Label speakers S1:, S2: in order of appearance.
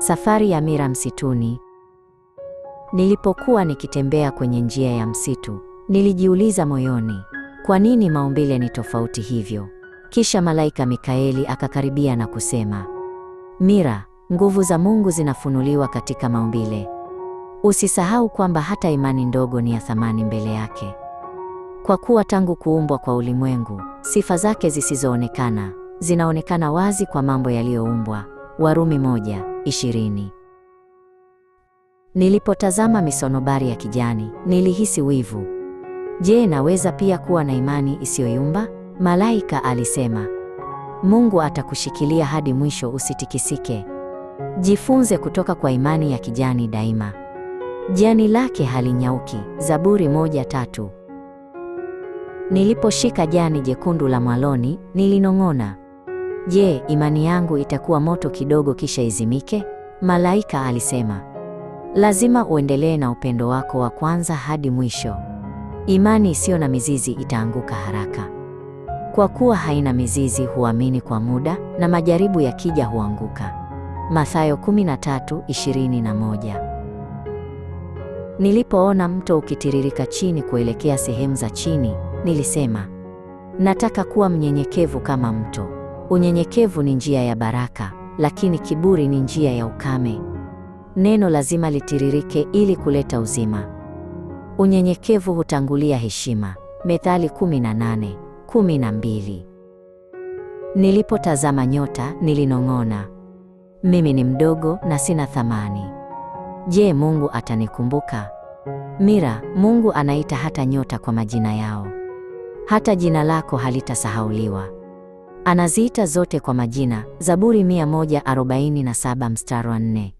S1: Safari ya Mira msituni. Nilipokuwa nikitembea kwenye njia ya msitu, nilijiuliza moyoni, kwa nini maumbile ni tofauti hivyo? Kisha malaika Mikaeli akakaribia na kusema, Mira, nguvu za Mungu zinafunuliwa katika maumbile. Usisahau kwamba hata imani ndogo ni ya thamani mbele yake, kwa kuwa tangu kuumbwa kwa ulimwengu, sifa zake zisizoonekana zinaonekana wazi kwa mambo yaliyoumbwa. Warumi moja, ishirini. Nilipotazama misonobari ya kijani, nilihisi wivu. Je, naweza pia kuwa na imani isiyoyumba? Malaika alisema, Mungu atakushikilia hadi mwisho, usitikisike. Jifunze kutoka kwa imani ya kijani daima. Jani lake halinyauki. Zaburi moja tatu. Niliposhika jani jekundu la mwaloni, nilinong'ona. Je, imani yangu itakuwa moto kidogo kisha izimike? Malaika alisema, lazima uendelee na upendo wako wa kwanza hadi mwisho. Imani isiyo na mizizi itaanguka haraka. Kwa kuwa haina mizizi, huamini kwa muda na majaribu yakija huanguka. Mathayo 13:21. Nilipoona mto ukitiririka chini kuelekea sehemu za chini, nilisema, nataka kuwa mnyenyekevu kama mto. Unyenyekevu ni njia ya baraka, lakini kiburi ni njia ya ukame. Neno lazima litiririke ili kuleta uzima. Unyenyekevu hutangulia heshima. Methali 18 Nilipotazama nyota nilinong'ona, mimi ni mdogo na sina thamani. Je, Mungu atanikumbuka? Mira, Mungu anaita hata nyota kwa majina yao. Hata jina lako halitasahauliwa. Anaziita zote kwa majina. Zaburi 147 mstari wa 4.